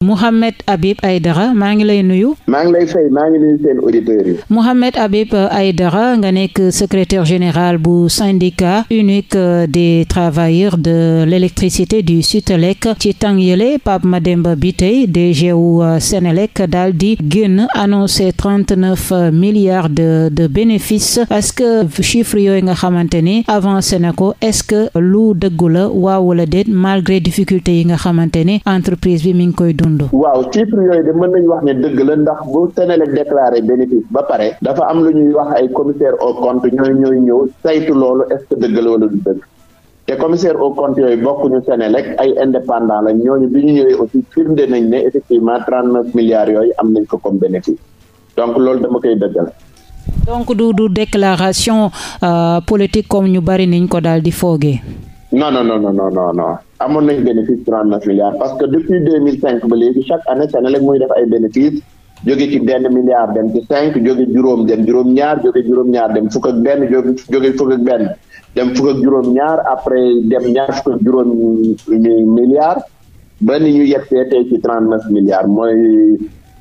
Mouhamed Habib Aidara maa ngi maa ngi lay nuyu seen auditeurs yi. Mouhamed nga nekk secretaire général bu syndicat unique euh, des travailleurs de l'électricité du Sutelec ci tàng yële Pape Mademba Bitèye DG wu euh, Senelec daal di génn annoncé trente neuf euh, milliards de de bénéfices parce que chiffre yooyu nga xamante ni avancé na ko est-ce que lu dëggu la waaw wala déet malgré difficulté yi nga xamante ni entreprise bi mi ngi koy dund. dund. waaw chiffre yooyu de mën nañu wax ne dëgg la ndax bu Senelec déclaré bénéfice am lu ñuy wax ay commissaire au compte ñooy ñooy ñëw saytu loolu est-ce que dëgg la wala du dëgg te commissaire au compte yooyu bokkuñu Senelec ay la ñooñu bi ñu ñëwee aussi firnde nañ ne effectivement trente neuf milliards yooyu am nañ ko comme bénéfice donc loolu dama koy dëggal. donc du du déclaration euh, politique ñu bari niñ ko daal di foogee. non non non non non non amoon nañ bénéfice trente neuf milliards parce que depuis deux mille cinq ba léegi chaque année Senelec muy def ay bénéfice jóge ci benn milliard dem ci cinq jóge juróom dem juróom-ñaar jóge juróom-ñaar dem fukk ak benn jóge jóge fukk dem fukk juróom-ñaar après dem ñaar fukk ak juróom milliards ba ni ñu yegsee tey ci trente neuf milliards mooy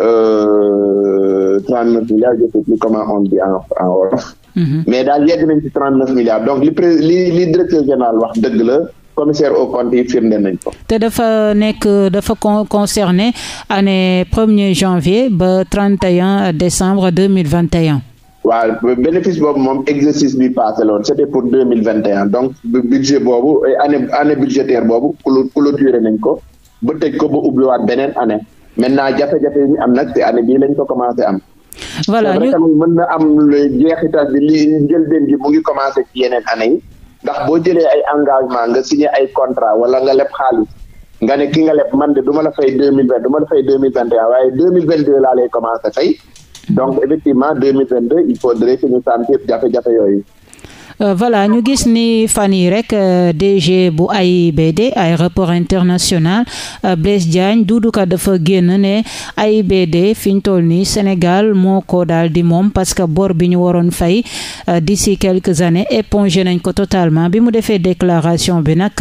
euh, trente neuf milliards je sais plus comment on dit en en Mm-hmm. mais daal yegg nañ ci trente neuf milliards donc li prés li li directeur général wax dëgg la commissaire au compte yi firnde nañ ko. te dafa nekk dafa concerné année premier janvier ba 31 décembre 2021 waaw bénéfice boobu moom exercice bi passé loon c'était pour 2021 donc budget boobu année année budgétaire boobu clôturé nañ ko ba tëj ko ba ubbiwaat beneen année maintenant jafe-jafe yi am nag te année bii lañ ko commencé am voilà ñu mën na am jeexital bi li njëlbeen gi mu ngi commencé ci yeneen année yi ndax boo jëlee ay engagement nga signé ay contrat wala nga leb xaalis nga ne ki nga leb man de du ma la fay deux mille vingt du ma la fay deux mille vingt et un deux mille vingt deux laa lay commencé fay mm-hmm. donc effectivement deux mille vingt deux il faudrait que ñu sant yëpp jafe-jafe yooyu Euh, voilà ñu gis ni fan yi rek euh, DG bu AIBD aéroport international euh, Blaise Diagne Doudou Ka dafa génn ne AIBD fi ñu toll nii Sénégal moo ko daal di moom parce que bor bi ñu waroon fay d'ici quelques années épongé nañ ko totalement bi mu defee déclaration bi nag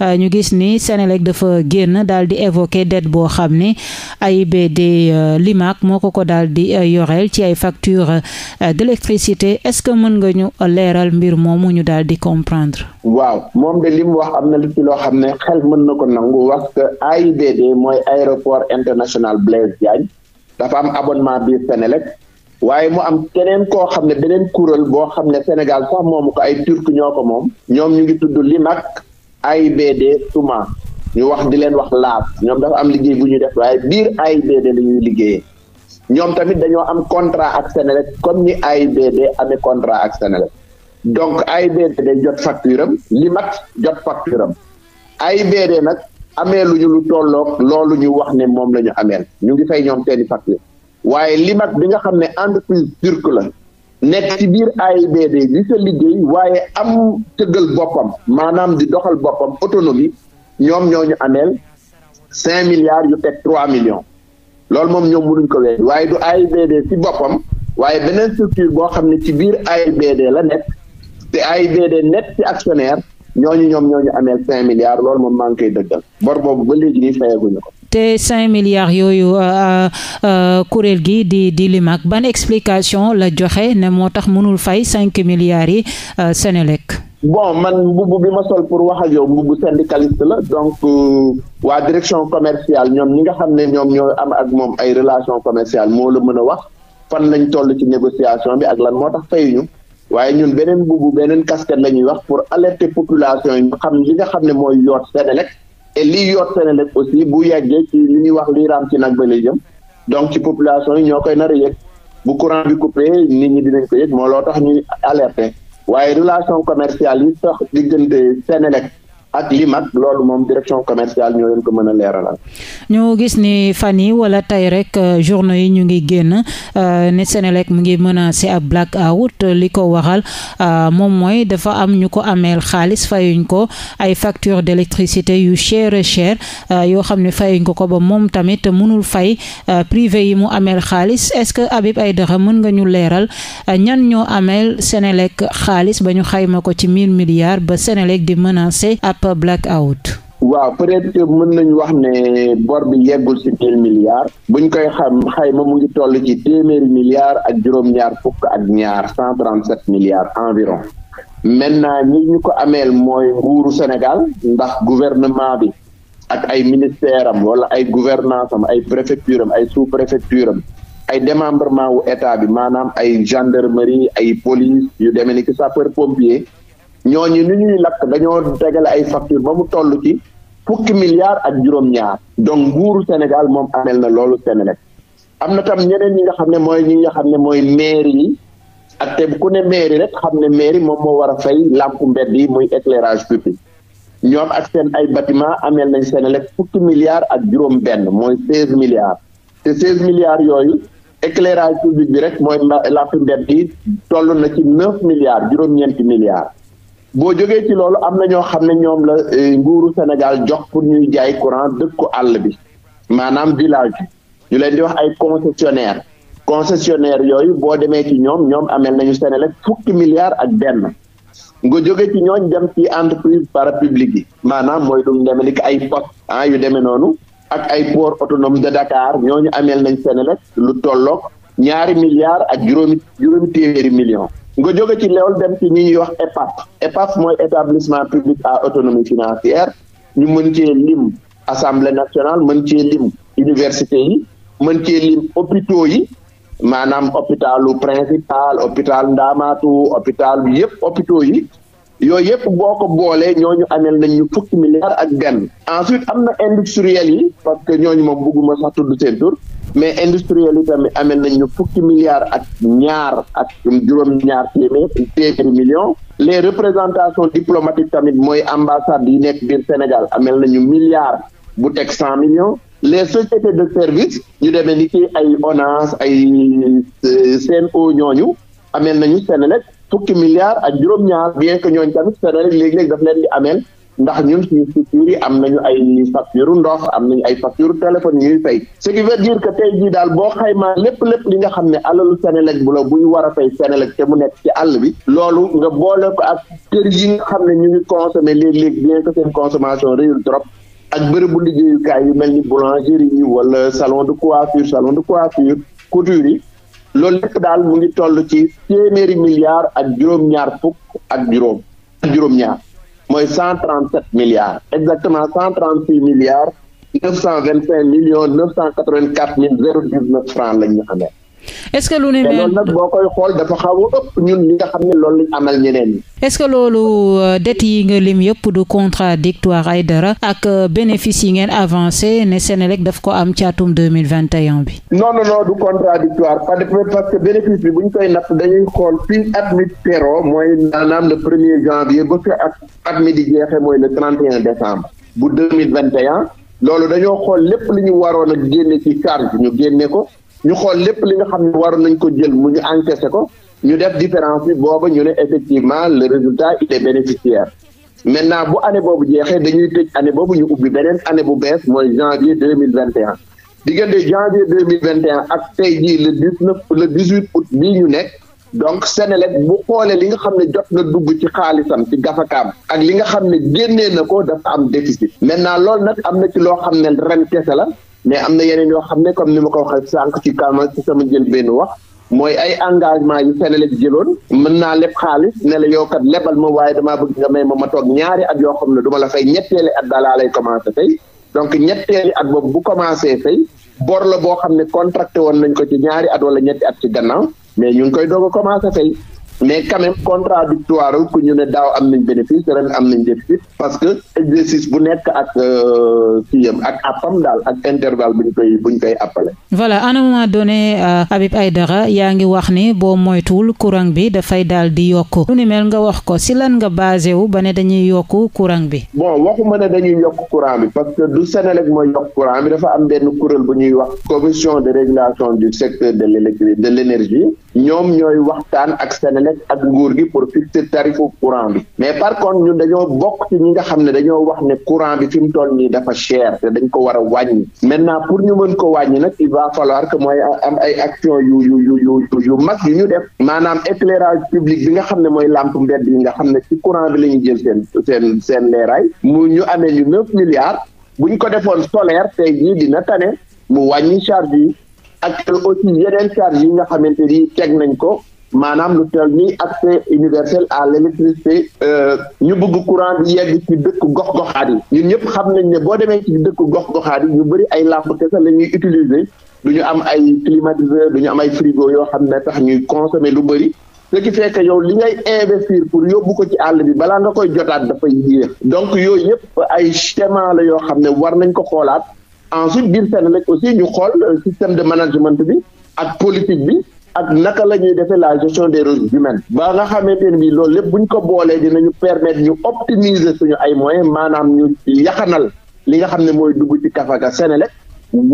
ñu gis ni Sénélec dafa génn daal di évoquer dette boo xam ni AIBD Limac moo ko ko daal di yoreel ci ay facture d'électricité est-ce que mën nga ñu leeral mbir mbir moomu ñu daal di comprendre. waaw moom de li wax am na lu ci loo xam ne xel mën na ko nangu wax que AIBD mooy aéroport international Blaise Diagne dafa am abonnement biir Sénélec waaye mu am keneen koo xam ne beneen kuréel boo xam ne Sénégal sax moomu ko ay turc ñoo ko moom ñoom ñu ngi tudd Limak AIBD Touma ñu wax di leen wax laab ñoom dafa am liggéey bu ñuy def waaye biir AIBD la ñuy liggéeyee ñoom tamit dañoo am contrat ak Sénélec comme ni AIBD amee contrat ak Sénélec donc AIBD day jot facture am li mat jot facture am AIBD nag ameelu lu ñu lu tolloog loolu ñu wax ne moom la ñu ameel ñu ngi fay ñoom seeni facture waaye li mat bi nga xam ne entreprise turque la nekk ci biir AIBD di sa liggéey waaye am tëggal boppam maanaam di doxal boppam autonomie ñoom ñoo ñu ameel cinq milliards yu teg trois millions loolu moom ñoom mënuñ ko wéy waaye du AIBD ci boppam waaye beneen structure boo xam ne ci biir AIBD la nekk te AIBD net ci actionnaire ñooñu ñoom ñooñu amee cinq milliards loolu moom maa ngi koy dëggal bor boobu ba léegi nii fayaguñu ko. te cinq milliards yooyu euh, euh, euh, kuréel gi di di Limac ban explication la joxe ne moo tax mënul fay cinq milliards yi Senelec. bon man mbubb bi ma sol pour wax ak yow mbubb syndicaliste la donc waa direction commerciale ñoom ñi nga xam ne ñoom ñoo am ak moom ay relation commercial moo la mën a wax fan lañ toll ci négociation bi ak lan moo tax fayuñu waaye ñun beneen mbubu beneen casquette la ñuy wax pour alerter population yi ñu xam li nga xam ne mooy yoot Senelec et liy yoot Senelec aussi bu yeggee ci li ñuy wax liy raam ci nag ba lay jëm donc ci population yi ñoo koy nar a yëg bu courant bi coupé nit ñi dinañ ko yëg moo loo tax ñuy alerter waaye relation commerciale yi sax diggante Senelec ak Limac loolu moom direction commerciale ñoo yen ko mën a leeralal ñoo gis ni fan yi wala tey rek euh, journaux yi ñu ngi génn euh, ne Senelec mu ngi menacé ab black out li ko waral euh, moom mooy dafa am ñu ko ameel xaalis fayuñ ko ay facture d'électricité yu cher cher yoo xam ne fayuñ ko ko ba moom tamit mënul fay privé yi mu ameel xaalis est-ce que Habib Aïdara mën nga ñu leeral ñan ñoo ameel Senelec xaalis ba ñu xayma ko ci mille milliards ba Senelec di menacer ab black out waaw peut-être que mën nañu wax ne bor bi yeggul ci mille milliards buñ koy xam xayma mu ngi toll ci téeméeri milliards ak juróom-ñaar fukk ak ñaar cent trente-sept milliards environ maintenant ñi ñu ko ameel mooy nguuru Sénégal ndax gouvernement bi ak ay ministère am wala ay gouvernance am ay préfecture am ay sous-préfecture am ay démembrement wu état bi maanaam ay gendarmerie ay police yu demee ni ki sapeur pompier ñooñu ni ñuy lakk dañoo tegale ay facture ba mu toll ci fukki milliards ak juróom-ñaar donc nguuru Sénégal moom amel na loolu Sénélec am na tam ñeneen ñi nga xam ne mooy ñi nga xam ne mooy mairie yi ak te ku ne mairie rek xam ne mairie moom moo war a fay làmp mbedd yi muy éclairage public ñoom ak seen ay bâtiment amel nañ Sénélec fukki milliards ak juróom-benn mooy seize milliards te seize milliards yooyu éclairage public bi rek mooy làmp mbedd toll na ci neuf milliards juróom-ñeenti milliards. boo jógee ci loolu am na ñoo xam ne ñoom la eh, nguuru Sénégal jox pour ñuy jaay courant dëkku àll bi maanaam village ñu leen di wax ay concessionnaire concessionnaire yooyu boo demee ci ñoom ñoom amel nañu Senelec fukki milliards ak benn nga jóge ci ñooñ dem ci entreprise parapublique yi maanaam mooy lu mu demee ni ay poste ah yu demee noonu ak ay port autonome de Dakar ñooñu ameel nañ Senelec lu tolloog ñaari milliards ak juróomi juróomi téeméeri million nga jóge ci loolu dem ci ñi ñuy wax EPAF EPAF mooy établissement public à autonomie financière ñu mën cee lim assemblée nationale mën cee lim université yi mën cee lim hôpitaux yi maanaam hôpitalu principal hôpital ndaamaatu hôpital bi yëpp hôpitaux yi yooyu yëpp boo ko boolee ñooñu amel nañ ñu fukki milliards ak gan ensuite am na industriel yi parce que ñooñu moom bëgguma sax tudd seen tur mais industriel yi tamit amee nañ ñu fukki milliards ak ñaar ak juróom-ñaar téeméer téeméeri millions les représentations diplomatiques tamit mooy ambassade yi nekk biir Sénégal amel nañu milliards bu teg cent millions les sociétés de service ñu demee ni ki ay ONAS ay Sen'Eau euh, ñooñu ameel nañu Senelec fukki milliards ak juróom-ñaar bien que ñooñu tamit Senelec léegi-léegi daf leen di ameel ndax ñun suñu factures yi am nañu ay facture ndox am nañu ay facture téléphone ñuy fay ce qui veut dire que tey jii daal boo xaymaa lépp lépp li nga xam ne alalu Senelec bu la buy war a fay Senelec te mu nekk ci àll bi loolu nga boole ko ak kër yi nga xam ne ñu ngi consommer léeg-léeg bien que seen consommation réyul trop ak bërëbu liggéeyukaay yu mel ni boulangerie yi wala salon de coiffure salon de coiffure couture yi loolu lépp daal mu ngi toll ci téeméeri milliards ak juróom ak juróom ak mooy cent trente sept milliards exactement cent trente six milliards neuf cent vingt cinq millions neuf cent quatre vingt quatre mille zéro dix neuf francs la est-ce que lu ne mel nag boo koy xool dafa xaw ëpp ñun li nga xam ne loolu lañ amal ñeneen ñi est-ce que loolu euh, dette yi nga lim yëpp du contradictoire ay dara ak euh, bénéfice yi ngeen avancé ne Senelec daf ko am caatum 2021 bi non non non du contradictoire parce que bénéfice bi bu koy natt dañuy xool fii at mi mooy maanaam le premier janvier ba fi ak at mi di jeexee mooy le 31 décembre bu loolu dañoo xool lépp li ñu waroon a génne ci charge ñu génne ko ñu xool lépp li nga xam ne war nañ ko jël mu ñu encaissé ko ñu def différence bi booba ñu ne effectivement le résultat il est bénéficiaire maintenant bu année boobu jeexee dañuy tëj année boobu ñu ubbi beneen année bu bees mooy janvier deux mille vingt et un diggante janvier deux mille vingt et un ak tey jii le dix neuf le dix huit août bii ñu nekk donc Senelec bu xoolee li nga xam ne jot na dugg ci xaalisam ci gafakaam ak li nga xam ne génnee na ko dafa am déficit maintenant loolu nag am na ci loo xam ne ren kese la mais am na yeneen yoo xam ne comme ni ma ko waxee sànq ci kàmm ci sama jël benn wax mooy ay engagement yu Senelec jëloon mën naa leb xaalis ne la yow kat lebal ma waaye damaa bëgg nga may ma ma toog ñaari at yoo xam ne du ma la fay ñetteeli at daalaa lay commencé fay donc ñetteeli at boobu bu commencé fay bor la boo xam ne contracté woon nañ ko ci ñaari at wala ñetti at ci gannaaw mais ñu ngi koy doog a commencé fay mais quand même contradictoire ku ñu ne daaw am nañ bénéfice ren am nañ déficit parce que exercice bu nekk ak euh, kiyam ak appam daal ak intervalle buñ koy buñ koy appale voilà à un moment donné euh, Habib Aïdara yaa ngi wax ni boo moytuwul courant bi dafay daal di yokk lu ni mel nga wax ko si lan nga basé wu ba ne dañuy yokk courant bi bon waxuma ne dañuy yokk courant bi parce que du Sénélec mooy yokk courant bi dafa am benn kurel bu ñuy wax commission de régulation du secteur de l'électricité de l'énergie ñoom ñooy waxtaan ak Sénélec nekk ak nguur gi pour fixer tarifu courant bi mais par contre ñun dañoo bokk ci ñi nga xam ne dañoo wax ne courant bi fi mu toll nii dafa cher te dañ ko war a wàññi maintenant pour ñu mën ko wàññi nag il va falloir que mooy am ay action yu yu yu yu yu mag yu ñu def maanaam éclairage public bi nga xam ne mooy lampe mbedd yi nga xam ne ci courant bi la ñu jël seen seen seen leeraay mu ñu amee ñu neuf milliards ñu ko defoon solaire tey gii dina tane mu wàññi charge yi ak aussi yeneen yi nga xamante ni teg nañ ko maanaam lu tel ni accès universel à l'électricité euh, ñu bëgg courant bi yegg ci dëkk gox-goxaat yi ñu ñëpp xam nañ ne boo demee ci dëkk gox-goxaat yi ñu bëri ay làmp kese la ñuy utiliser du ñu am ay climatiseur du ñu am ay frigo yoo xam ne tax ñuy consommer lu bëri ce qui fait yow li ngay investir pour yóbbu ko ci àll bi balaa nga koy jotaat dafay yéex donc yooyu yëpp ay schéma la yoo xam ne war nañ ko xoolaat ensuite biir Senelec aussi ñu xool système de management bi ak politique bi ak naka la ñuy defee la gestion de ressources humaines ba nga xamante ne bii loolu lépp bu ñu ko boolee dinañu permettre ñu optimiser suñu ay moyen maanaam ñu yaxanal li nga xam ne mooy dugg ci kafaga Senelec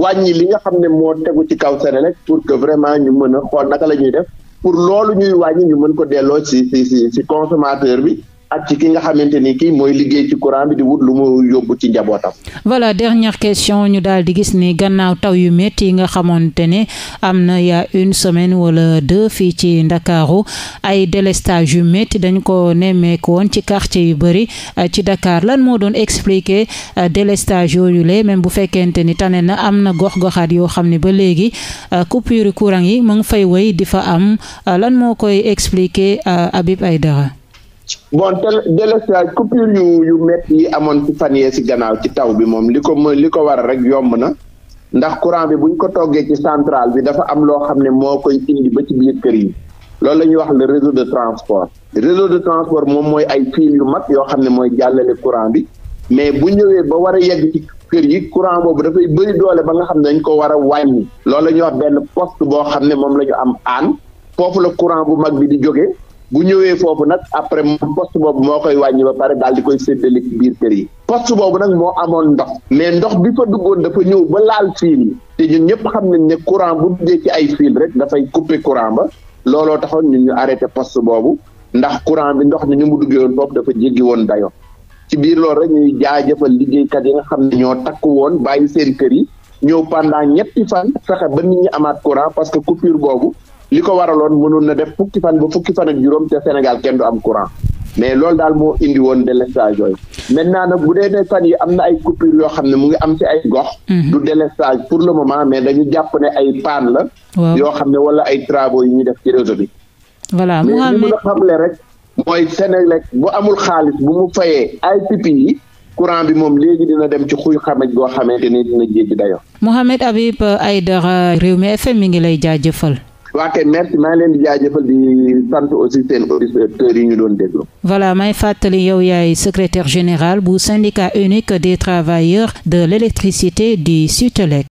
wàññi li nga xam ne moo tegu ci kaw Senelec pour que vraiment ñu mën a xool naka la ñuy def pour loolu ñuy wàññi ñu mën ko delloo ci ci ci consommateur bi ak ci ki nga xamante ni mooy liggéey ci courant bi di wut lu mu yóbbu ci njabootam. voilà dernière question ñu daal di gis ni gannaaw taw yu métti yi nga xamante ne am na ya une semaine wala deux fii ci ndakaaru ay délestage yu métti dañ ko nemmeeku woon ci quartier yu bëri euh, ci Dakar lan moo doon expliquer euh, délestage yooyu le même bu fekkente ni tane na am na gox-goxaat yoo xam ne ba léegi euh, coupure courant yi mu ngi fay wéy di fa am lan moo koy expliquer Habib Aïdara bon délestage coupure yu yu métti yi amoon ci fan yee si gannaaw ci taw bi moom li ko li ko war rek yomb na ndax courant bi buñ ko toggee ci centrale bi dafa am loo xam ne moo koy indi ba ci biir kër yi loolu la ñuy wax le réseau de transport réseau de transport moom mooy ay fil yu mag yoo xam ne mooy jàllale courant bi mais bu ñëwee ba war a yegg ci kër yi courant boobu dafay bëri doole ba nga xam ne dañ ko war a wàññi loolu la ñuy wax benn poste boo xam ne moom la ñu am aan foofu la courant bu mag bi di jógee bu ñëwee foofu nag après post boobu moo koy wàññi ba pare daal di koy séddale ci biir kër yi poste boobu nag moo amoon ndox mais ndox bi fa duggoon dafa ñëw ba laal fiil yi te ñun ñëpp xam nañ ne courant bu duggee ci ay fiil rek dafay couper courant ba looloo taxoon ñun ñu arrêté poste boobu ndax courant bi ndox mi ni mu duggee woon foofu dafa jéggi woon dayo ci biir loolu rek ñuy jaajëfal liggéeykat yi nga xam ne ñoo takku woon bàyyi seen kër yi ñëw pendant ñetti fan fexe ba nit ñi amaat courant parce que coupure boobu li ko waraloon mënoon na def fukki fan ba fukki fan ak juróom te Sénégal kenn du am courant mais loolu daal moo indi woon délestage yooyu maintenant nag bu dee ne fan am na ay coupure yoo xam ne mu ngi am ci ay gox. Mhm. du délestage pour le moment mais dañu jàpp ne ay panne la. yoo xam ne wala ay travaux yu ñuy def ci réseau bi. voilà mu mais li a xamle rek. mooy Sénélec bu amul xaalis bu mu fayee ay pipi bi moom léegi dina dem ci xuy xamaj goo xamante ni dina jéggi dayo Mouhamed Habib Aidara mais FM mi ngi lay jaajëfal. waa kay merci maa ngi leen di jaajëfal di voilà may fàttali yow yaay secrétaire général bu syndicat unique des travailleurs de l' électricité du Sutelec.